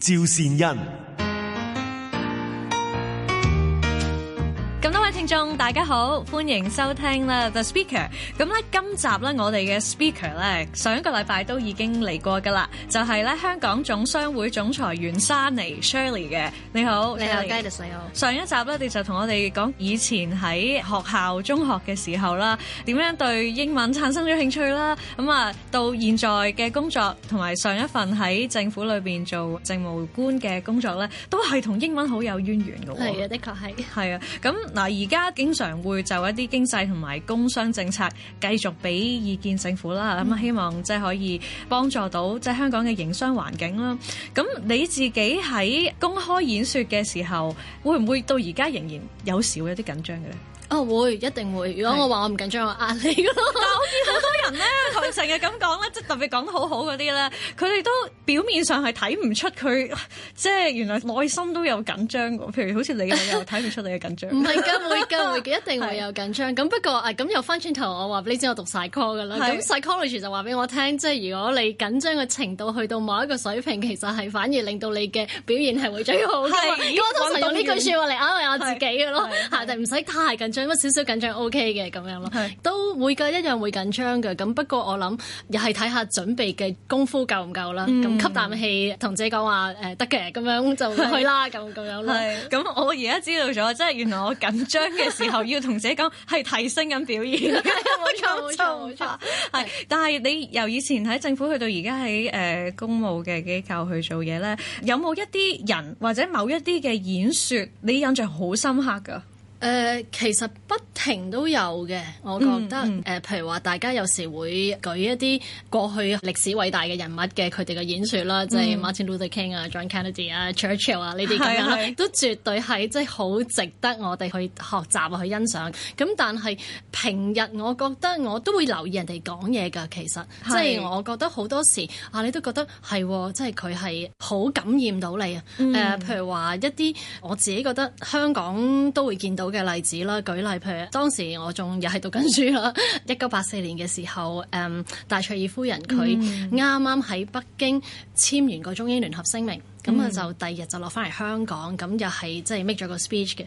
趙善恩。眾大家好，歡迎收聽啦，The Speaker。咁咧，今集咧我哋嘅 Speaker 咧，上一個禮拜都已經嚟過噶啦，就係咧香港總商會總裁袁莎妮 Shirley 嘅。你好，你好你好。上一集咧，你就同我哋講以前喺學校中學嘅時候啦，點樣對英文產生咗興趣啦。咁啊，到現在嘅工作同埋上一份喺政府裏邊做政務官嘅工作咧，都係同英文好有淵源噶。係啊，的確係。係啊，咁嗱而家。家經常會就一啲經濟同埋工商政策，繼續俾意見政府啦。咁、嗯、希望即係可以幫助到即係香港嘅營商環境啦。咁你自己喺公開演説嘅時候，會唔會到而家仍然有時會有啲緊張嘅咧？啊，會，一定會，如果我話我唔緊張，我呃你咯。但係我見好多人咧，同成日咁講咧，即係特別講得好好嗰啲咧，佢哋都表面上係睇唔出佢，即係原來內心都有緊張。譬如好似你又睇唔出你嘅緊張。唔係㗎，會㗎，會一定會有緊張。咁不過啊，咁又翻轉頭，我話俾你知我讀曬科㗎啦。咁 psychology 就話俾我聽，即係如果你緊張嘅程度去到某一個水平，其實係反而令到你嘅表現係會最好。如果我通常用呢句説話嚟安慰我自己嘅咯，嚇就唔使太緊。上咗少少緊張，O K 嘅咁樣咯，都會㗎，一樣會緊張嘅。咁不過我諗，又係睇下準備嘅功夫夠唔夠啦。咁吸啖氣，同自己講話誒得嘅，咁樣就去啦。咁咁樣。啦。咁我而家知道咗，即係原來我緊張嘅時候要同自己講係提升緊表現係冇錯冇錯。係 更加， 但係你由以前喺政府去到而家喺誒公務嘅機構去做嘢咧，有冇一啲人或者某一啲嘅演説，你印象好深刻噶？誒、呃、其實不停都有嘅，我覺得誒、嗯嗯呃、譬如話大家有時會舉一啲過去歷史偉大嘅人物嘅佢哋嘅演說啦，即係 Martin Luther King 啊、John Kennedy 啊、Churchill 啊、呢啲咁樣咯，都絕對係即係好值得我哋去學習啊去欣賞，咁但係平日我覺得我都會留意人哋講嘢㗎，其實是即係我覺得好多時啊，你都覺得係、哦，即係佢係好感染到你啊。誒、嗯呃、譬如話一啲我自己覺得香港都會見到。好嘅例子啦，舉例譬如當時我仲又係讀緊書啦，一九八四年嘅時候，嗯，戴卓爾夫人佢啱啱喺北京簽完個中英聯合聲明，咁啊就第二日就落翻嚟香港，咁又係即係 make 咗個 speech 嘅。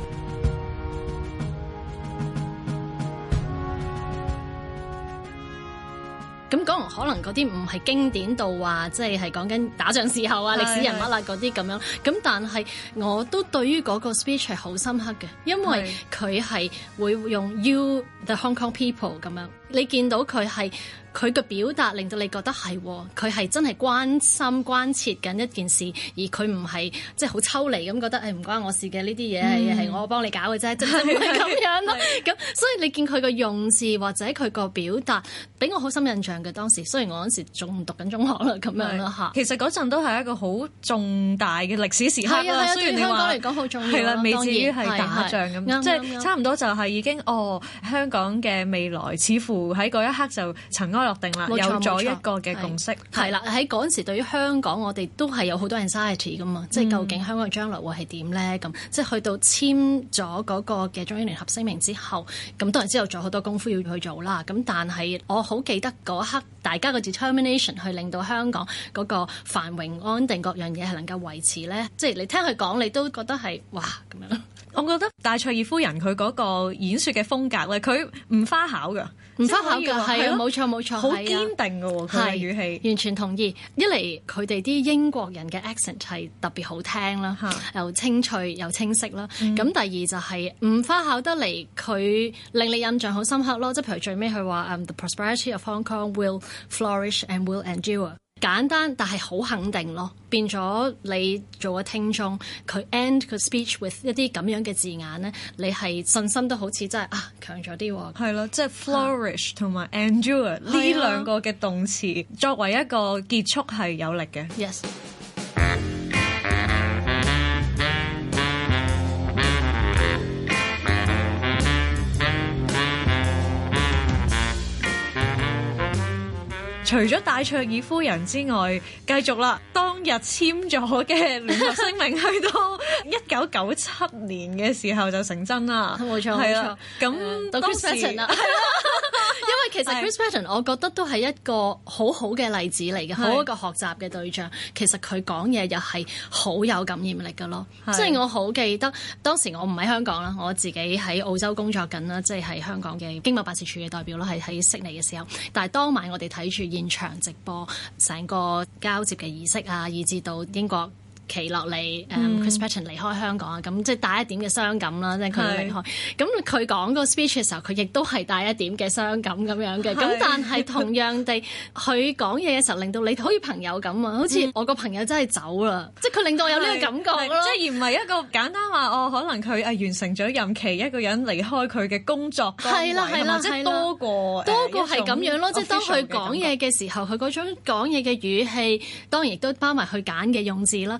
可能嗰啲唔係經典到話，即係係講緊打仗時候啊，歷是 史人物啦嗰啲咁樣。咁是 但係我都對於嗰個 speech 係好深刻嘅，因為佢係會用 you the Hong Kong people 咁樣，你見到佢係。佢嘅表達令到你覺得係，佢係真係關心關切緊一件事，而佢唔係即係好抽離咁覺得誒唔、哎、關我事嘅呢啲嘢係我幫你搞嘅啫，嗯、真係唔係咁樣咯。咁是是 所，所以你見佢個用字或者佢個表達，俾我好深印象嘅當時。雖然我嗰時仲唔讀緊中學啦，咁樣啦嚇。其實嗰陣都係一個好重大嘅歷史時刻啦。對啊、雖然對對於香港嚟講好重要。係啦，未至於係打仗咁，即係差唔多就係已經哦，oh，香港嘅未來似乎喺嗰一刻就曾落定啦，錯有咗一個嘅共識。係啦是，喺嗰陣時對於香港，我哋都係有好多 anxiety 噶嘛，即係究竟香港將來會係點咧？咁、嗯、即係去到簽咗嗰個嘅中英聯合聲明之後，咁當然之後仲有好多功夫要去做啦。咁但係我好記得嗰刻大家嘅 determination 去令到香港嗰個繁榮安定各樣嘢係能夠維持咧。嗯、即係你聽佢講，你都覺得係哇咁樣。我覺得戴卓爾夫人佢嗰個演説嘅風格咧，佢唔花巧嘅，唔花巧嘅，係啊，冇錯冇錯，好錯堅定嘅喎。佢嘅的語氣完全同意。一嚟佢哋啲英國人嘅 accent 係特別好聽啦，的又清脆又清晰啦。咁、嗯、第二就係、是、唔花巧得嚟，佢令你印象好深刻咯。即係譬如最尾佢話 the prosperity of Hong Kong will flourish and will endure。簡單但係好肯定咯，變咗你做個聽眾，佢 end 佢 speech with 一啲咁樣嘅字眼咧，你係信心都好似真係啊強咗啲喎。係咯，即係 flourish 同埋 endure、啊、呢兩個嘅動詞的作為一個結束係有力嘅。Yes。除咗戴卓爾夫人之外，繼續啦，當日簽咗嘅聯合聲明，去到一九九七年嘅時候就成真啦，冇錯，係啊，咁當時，係啊。因為其實 Chris Patten，我覺得都係一個好好嘅例子嚟嘅，是好一個學習嘅對象。其實佢講嘢又係好有感染力嘅咯。即係是我好記得當時我唔喺香港啦，我自己喺澳洲工作緊啦，即係喺香港嘅經貿辦事處嘅代表啦，係喺悉尼嘅時候。但係當晚我哋睇住現場直播成個交接嘅儀式啊，以至到英國。騎落嚟，Chris Patten 離開香港啊！咁即係帶一點嘅傷感啦，即係佢離開。咁佢講個 speech 嘅時候，佢亦都係帶一點嘅傷感咁樣嘅。咁但係同樣地，佢講嘢嘅時候，令到你可以朋友咁啊，好似我個朋友真係走啦。即係佢令到我有呢個感覺咯。即係而唔係一個簡單話哦，可能佢誒完成咗任期一個人離開佢嘅工作，係啦係啦係啦，多過多過係咁樣咯。即係當佢講嘢嘅時候，佢嗰種講嘢嘅語氣，當然亦都包埋佢揀嘅用字啦。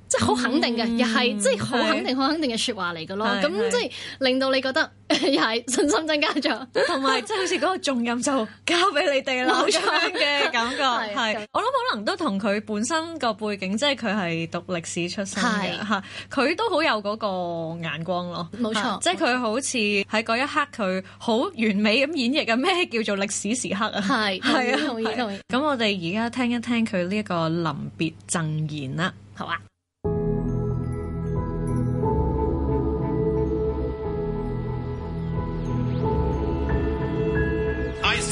即係好肯定嘅，又係即係好肯定、好肯定嘅說話嚟嘅咯。咁即係令到你覺得又係信心增加咗，同埋即係好似嗰個重任就交俾你哋啦好嘅感覺。係，我諗可能都同佢本身個背景，即係佢係讀歷史出身嘅嚇，佢都好有嗰個眼光咯。冇錯，即係佢好似喺嗰一刻，佢好完美咁演繹緊咩叫做歷史時刻啊！係，係啊，同意同意。咁我哋而家聽一聽佢呢一個臨別贈言啦，好啊。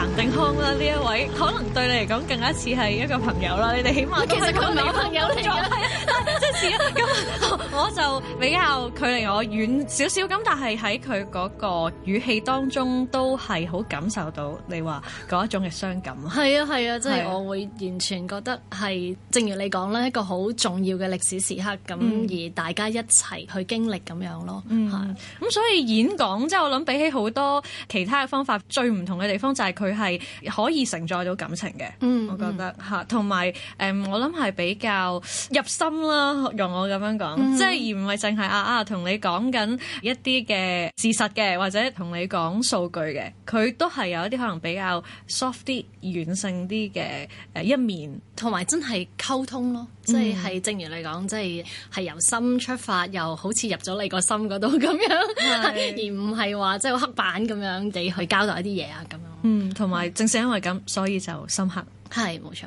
彭定康啦呢一位，可能對你嚟講更加似係一個朋友啦。你哋起碼其實佢唔係朋友嚟嘅，係啊，真係啊。咁我就比較距離我遠少少，咁但係喺佢嗰個語氣當中，都係好感受到你話嗰一種嘅傷感。係啊，係啊，即係我會完全覺得係，正如你講啦一個好重要嘅歷史時刻，咁而大家一齊去經歷咁樣咯。啊、嗯，係。咁所以演講即係我諗比起好多其他嘅方法，最唔同嘅地方就係佢。佢係可以承載到感情嘅。嗯，嗯，我覺得吓，同埋誒，我諗係比較入心啦，用我咁樣講，嗯，即係而唔係淨係啊啊同你講緊一啲嘅事實嘅，或者同你講數據嘅，佢都係有一啲可能比較 soft 啲、軟性啲嘅誒一面，同埋真係溝通咯，即係係正如你講，即係係由心出發，又好似入咗你個心度咁樣，是 而唔係話即係黑板咁樣地去交代一啲嘢啊咁樣。嗯，同埋正是因為，咁，所以就深刻。係冇錯。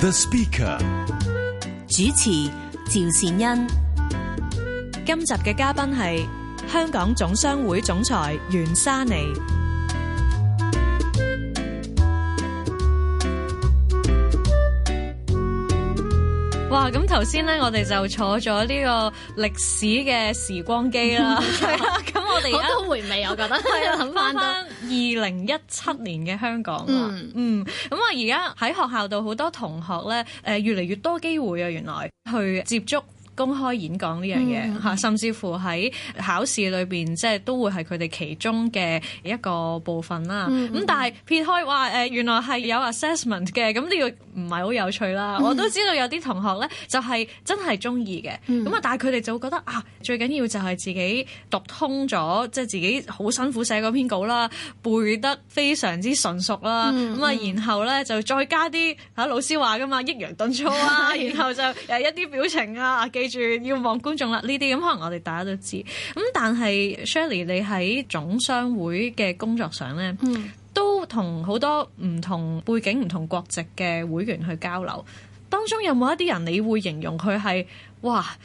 The Speaker 主持趙善恩，今集嘅嘉賓係香港總商會總裁袁莎妮。哇！咁頭先咧，我哋就坐咗呢個歷史嘅時光機啦。係啊 錯，咁 我哋而家都回味，我覺得係啊，諗翻二零一七年嘅香港啊。嗯，咁、嗯、我而家喺學校度好多同學咧，誒、呃、越嚟越多機會啊，原來去接觸公開演講呢樣嘢嚇，甚至乎喺考試裏邊，即係都會係佢哋其中嘅一個部分啦。咁但係撇開話誒，原來係有 assessment 嘅，咁呢個唔係好有趣啦。我都知道有啲同學咧，就係真係中意嘅。咁啊，但係佢哋就會覺得啊，最緊要就係自己讀通咗，即係自己好辛苦寫嗰篇稿啦，背得非常之純熟啦。咁啊，然後咧就再加啲嚇老師話㗎嘛，抑揚頓挫啊，然後就有一啲表情啊，住要望觀眾啦，呢啲咁可能我哋大家都知。咁但係 Shirley 你喺總商會嘅工作上呢，嗯、都同好多唔同背景、唔同國籍嘅會員去交流。當中有冇一啲人你會形容佢係哇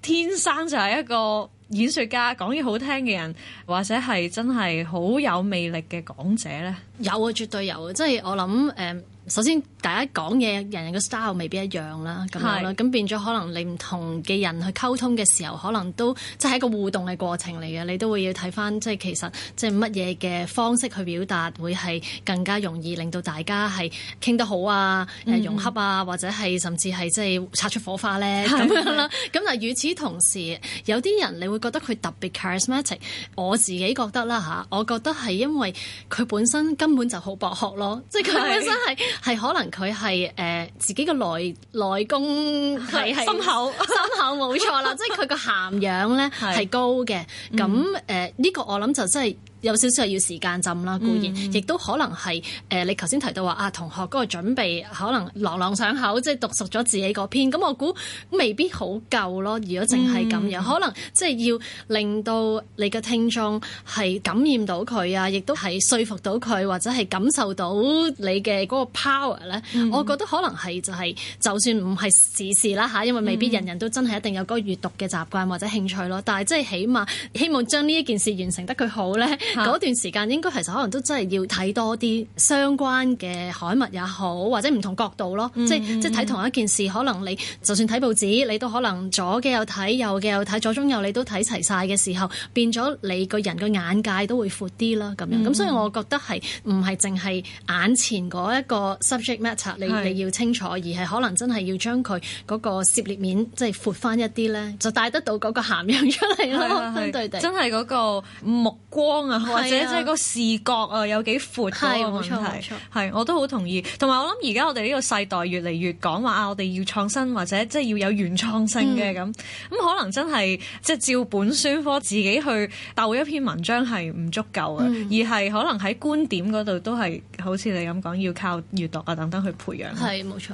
天生就係一個演說家，講嘢好聽嘅人，或者係真係好有魅力嘅講者呢？有啊，絕對有啊！即係我諗誒。嗯首先，大家講嘢，人人嘅 style 未必一樣啦，咁樣啦，咁是變咗可能你唔同嘅人去溝通嘅時候，可能都即係一個互動嘅過程嚟嘅，你都會要睇翻，即係其實即係乜嘢嘅方式去表達會係更加容易令到大家係傾得好啊、融洽、嗯、啊，或者係甚至係即係擦出火花咧咁是樣啦。咁但係與此同時有啲人你會覺得佢特別 charismatic，我自己覺得啦吓，我覺得係因為佢本身根本就好博學咯，即係佢本身係。係可能佢係誒自己嘅內內功係係心口， 心口冇錯啦， 即係佢個涵養咧係高嘅。咁誒呢個我諗就真係。有少少係要時間浸啦，固然，嗯、亦都可能係誒、呃、你頭先提到話啊同學嗰個準備可能朗朗上口，即係讀熟咗自己嗰篇，咁我估未必好夠咯。如果淨係咁樣，嗯、可能即係要令到你嘅聽眾係感染到佢啊，亦都係說服到佢，或者係感受到你嘅嗰個 power 咧、嗯。我覺得可能係就係、係、就算唔係時事啦嚇，因為未必人人都真係一定有嗰個閱讀嘅習慣或者興趣咯。但係即係起碼希望將呢一件事完成得佢好咧。嗰段時間應該其實可能都真係要睇多啲相關嘅海物也好，或者唔同角度咯，嗯、即係即係睇同一件事，可能你就算睇報紙，你都可能左嘅又睇，右嘅又睇，左中右你都睇齊晒嘅時候，變咗你個人嘅眼界都會闊啲啦，咁樣，咁所以我覺得係唔係淨係眼前一個 subject matter 你是你要清楚，而係可能真係要將佢個涉獵面即係闊翻一啲咧，就帶、是、得到個涵養出嚟咯。相、啊、對地，啊、真係個目光啊！或者即係個視覺啊，有幾闊個問題？係，冇錯，係，我都好同意。同埋我諗，而家我哋呢個世代越嚟越講話啊，我哋要創新或者即係要有原創性嘅咁。咁、嗯、可能真係即係照本宣科，自己去鬥一篇文章係唔足夠嘅，嗯、而係可能喺觀點嗰度都係好似你咁講，要靠閱讀啊等等去培養。係，冇錯。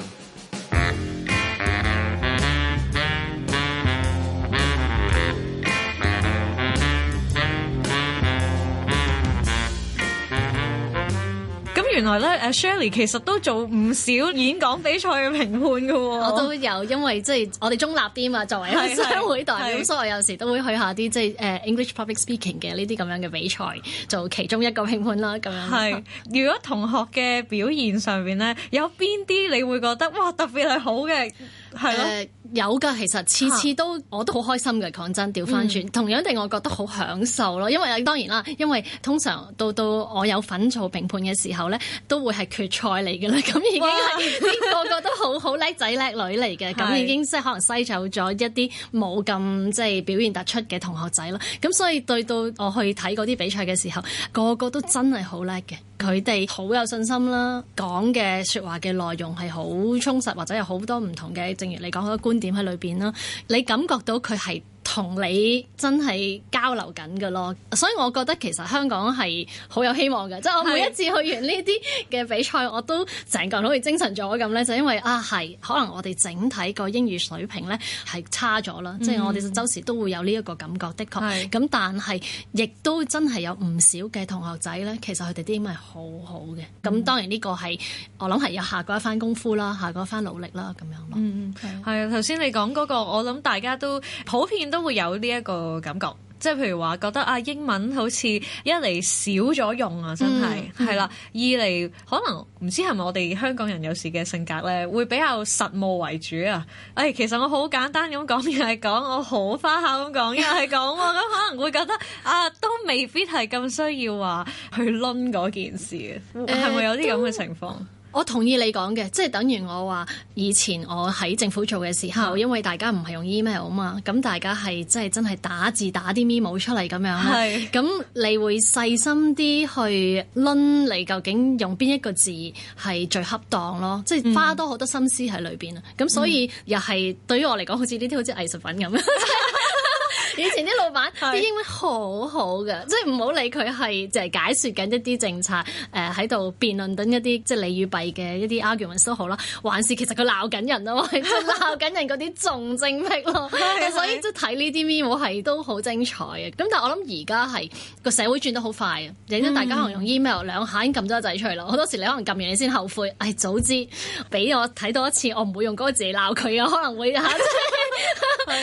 原來咧，誒 Shirley 其實都做唔少演講比賽嘅評判嘅喎。我都有，因為即係我哋中立啲嘛，作為一個商會代表， 是是是，所以我有時都會去下啲即係誒 English Public Speaking 嘅呢啲咁樣嘅比賽，做其中一個評判啦。咁樣係， 如果同學嘅表現上邊咧，有邊啲你會覺得哇特別係好嘅？係咯、呃，有㗎，其實次次都我都好開心嘅，講真，掉返轉同樣地，我覺得好享受咯。因為當然啦，因為通常到到我有份做評判嘅時候咧，都會係決賽嚟嘅啦。咁已經係啲哇 個個都好好叻仔叻女嚟嘅，咁已經即係可能篩走咗一啲冇咁即係表現突出嘅同學仔咯。咁所以對到我去睇嗰啲比賽嘅時候，個個都真係好叻嘅。佢哋好有信心啦，講嘅說話嘅內容係好充實，或者有好多唔同嘅，正如你講好多觀點喺裏邊啦，你感覺到佢係。同你真係交流緊嘅咯，所以我覺得其實香港係好有希望嘅。即係我每一次去完呢啲嘅比賽，我都成個人好似精神咗咁咧。就因為啊，係可能我哋整體個英語水平咧係差咗啦。即係、嗯、我哋就周時都會有呢一個感覺的確。咁、嗯、但係亦都真係有唔少嘅同學仔咧，其實佢哋啲英文係好好嘅。咁、嗯、當然呢個係我諗係有下過一番功夫啦，下過一番努力啦，咁樣咯。係啊、嗯，頭先你講嗰個，我諗大家都普遍都。都會有呢一個感覺，即係譬如話覺得啊，英文好似一嚟少咗用啊，真係係啦；二嚟可能唔知係咪我哋香港人有時嘅性格咧，會比較實務為主啊。誒、哎，其實我好簡單咁講，又係講我好花巧咁講，又係講，咁 可能會覺得啊，都未必係咁需要話、啊、去冧嗰件事嘅，係咪、嗯、有啲咁嘅情況？嗯呃我同意你講嘅，即係等於我話以前我喺政府做嘅時候，嗯、因為大家唔係用 email 啊嘛，咁大家係即係真係打字打啲 memo 出嚟咁樣啦。咁是你會細心啲去諗你究竟用邊一個字係最恰當咯，嗯、即係花多好多心思喺裏邊啊。咁、嗯、所以又係對於我嚟講，好似呢啲好似藝術品咁。嗯 以前啲老闆啲 英文好好嘅， 即係唔好理佢係就係解說緊一啲政策，誒喺度辯論緊一啲即係利與弊嘅一啲 argument 都好啦，還是其實佢鬧緊人啊嘛，鬧緊 人嗰啲仲精辟咯， 所以即係睇呢啲 video 係都好精彩嘅。咁但係我諗而家係個社會轉得好快啊，而家大家可能用 email 兩,兩下已經撳咗個仔出嚟啦。好多時你可能撳完你先後悔，唉、哎，早知俾我睇多一次，我唔會用嗰個字嚟鬧佢啊，可能會嚇，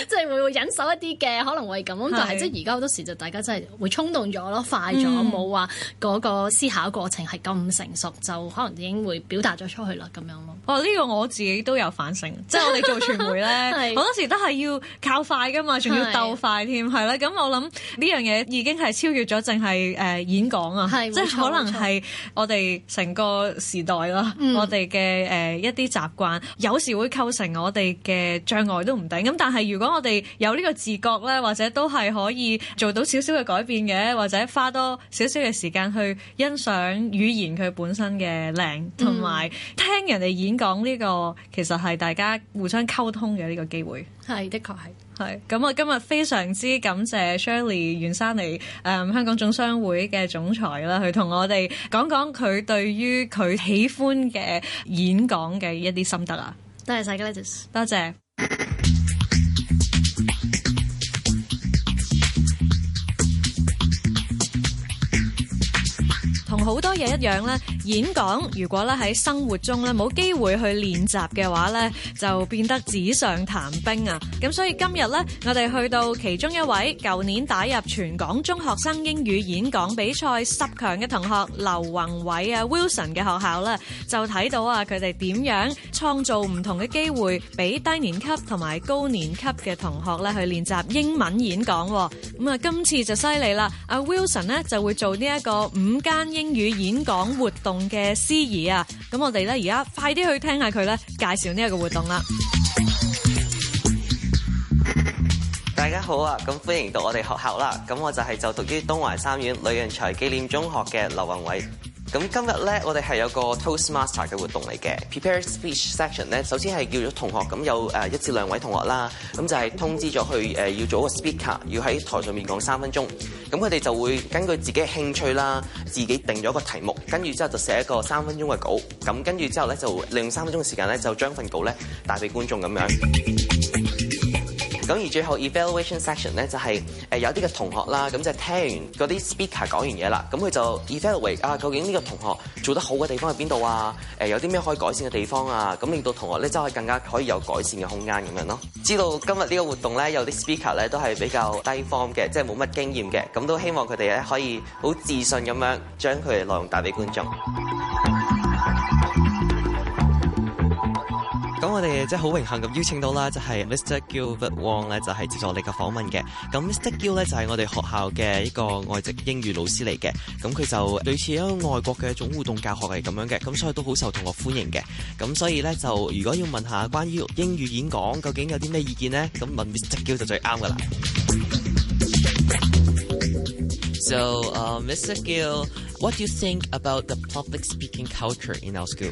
即係會忍受一啲嘅可能。係咁，咁但係即係而家好多時就大家真係會衝動咗咯，快咗，冇話、嗯、個思考過程係咁成熟，就可能已經會表達咗出去啦咁樣咯。哦呢，這個我自己都有反省，即係我哋做傳媒咧，好 是多時都係要靠快噶嘛，仲要鬥快添，係啦是。咁我諗呢樣嘢已經係超越咗，淨係誒演講啊，即係可能係我哋成個時代啦，嗯、我哋嘅誒一啲習慣有時會構成我哋嘅障礙都唔定。咁但係如果我哋有呢個自覺咧，或者都係可以做到少少嘅改變嘅，或者花多少少嘅時間去欣賞語言佢本身嘅靚同埋聽人哋演。嗯講呢個其實係大家互相溝通嘅呢、這個機會，係的確係係。咁我今日非常之感謝 Shirley 袁生嚟，誒、嗯，香港總商會嘅總裁啦，佢同我哋講講佢對於佢喜歡嘅演講嘅一啲心得啊。多謝晒 g l a s i s 多謝。好多嘢一樣咧，演講如果咧喺生活中咧冇機會去練習嘅話咧，就變得紙上談兵啊！咁所以今日咧，我哋去到其中一位舊年打入全港中學生英語演講比賽十強嘅同學劉宏偉啊 Wilson 嘅學校咧，就睇到啊佢哋點樣創造唔同嘅機會俾低年級同埋高年級嘅同學咧去練習英文演講，咁啊，今次就犀利啦！阿 Wilson 咧就會做呢一個五間英。與演講活動嘅司儀啊，咁我哋咧而家快啲去聽下佢咧介紹呢一個活動啦。大家好啊，咁歡迎到我哋學校啦，咁我就係就讀於東華三院呂潤財紀念中學嘅劉宏偉。咁今日咧，我哋係有個 Toastmaster 嘅活動嚟嘅。Prepare speech section 咧，首先係叫咗同學，咁有誒一至兩位同學啦。咁就係通知咗去誒要做一個 speaker，要喺台上面講三分鐘。咁佢哋就會根據自己嘅興趣啦，自己定咗一個題目，跟住之後就寫一個三分鐘嘅稿。咁跟住之後咧，就利用三分鐘嘅時間咧，就將份稿咧帶俾觀眾咁樣。咁而最後 evaluation section 咧，就係誒有啲嘅同學啦，咁就聽完嗰啲 speaker 講完嘢啦，咁佢就 evaluate 啊，究竟呢個同學做得好嘅地方喺邊度啊？誒有啲咩可以改善嘅地方啊？咁令到同學咧就可以更加可以有改善嘅空間咁樣咯。知道今日呢個活動咧，有啲 speaker 咧都係比較低 form 嘅，即係冇乜經驗嘅，咁都希望佢哋咧可以好自信咁樣將佢嘅內容帶俾觀眾。我哋即係好榮幸咁邀請到啦，就係、so, uh, Mr. Gilbert Wong 咧，就係接助你嘅訪問嘅。咁 Mr. Gilbert 咧就係我哋學校嘅一個外籍英語老師嚟嘅。咁佢就類似一個外國嘅一種互動教學係咁樣嘅，咁所以都好受同學歡迎嘅。咁所以咧就如果要問下關於英語演講究竟有啲咩意見咧，咁問 Mr. Gilbert 就最啱噶啦。So，Mr. Gilbert, what do you think about the public speaking culture in our school？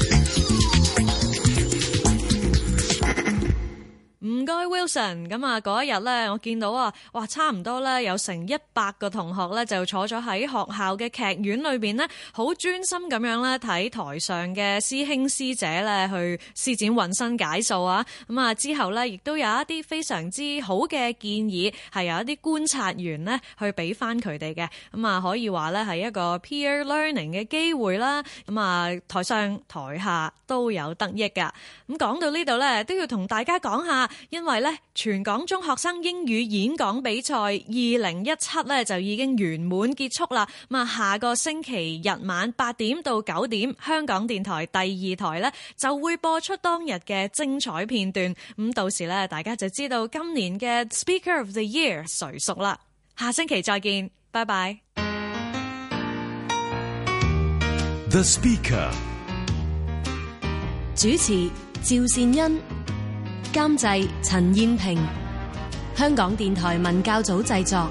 Wilson 咁啊，嗰一日咧，我見到啊，哇，差唔多咧有成一百個同學咧，就坐咗喺學校嘅劇院裏邊咧，好專心咁樣咧睇台上嘅師兄師姐咧去施展渾身解數啊！咁啊之後咧，亦都有一啲非常之好嘅建議，係有一啲觀察員咧去俾翻佢哋嘅，咁啊可以話咧係一個 peer learning 嘅機會啦。咁啊台上台下都有得益噶。咁講到呢度咧，都要同大家講下，因為。咧，全港中學生英語演講比賽二零一七咧就已經圓滿結束啦。咁啊，下個星期日晚八點到九點，香港電台第二台咧就會播出當日嘅精彩片段。咁到時咧，大家就知道今年嘅 Speaker of the Year 誰屬啦。下星期再見，拜拜。The Speaker 主持，趙善恩。監製陳燕萍，香港電台文教組製作。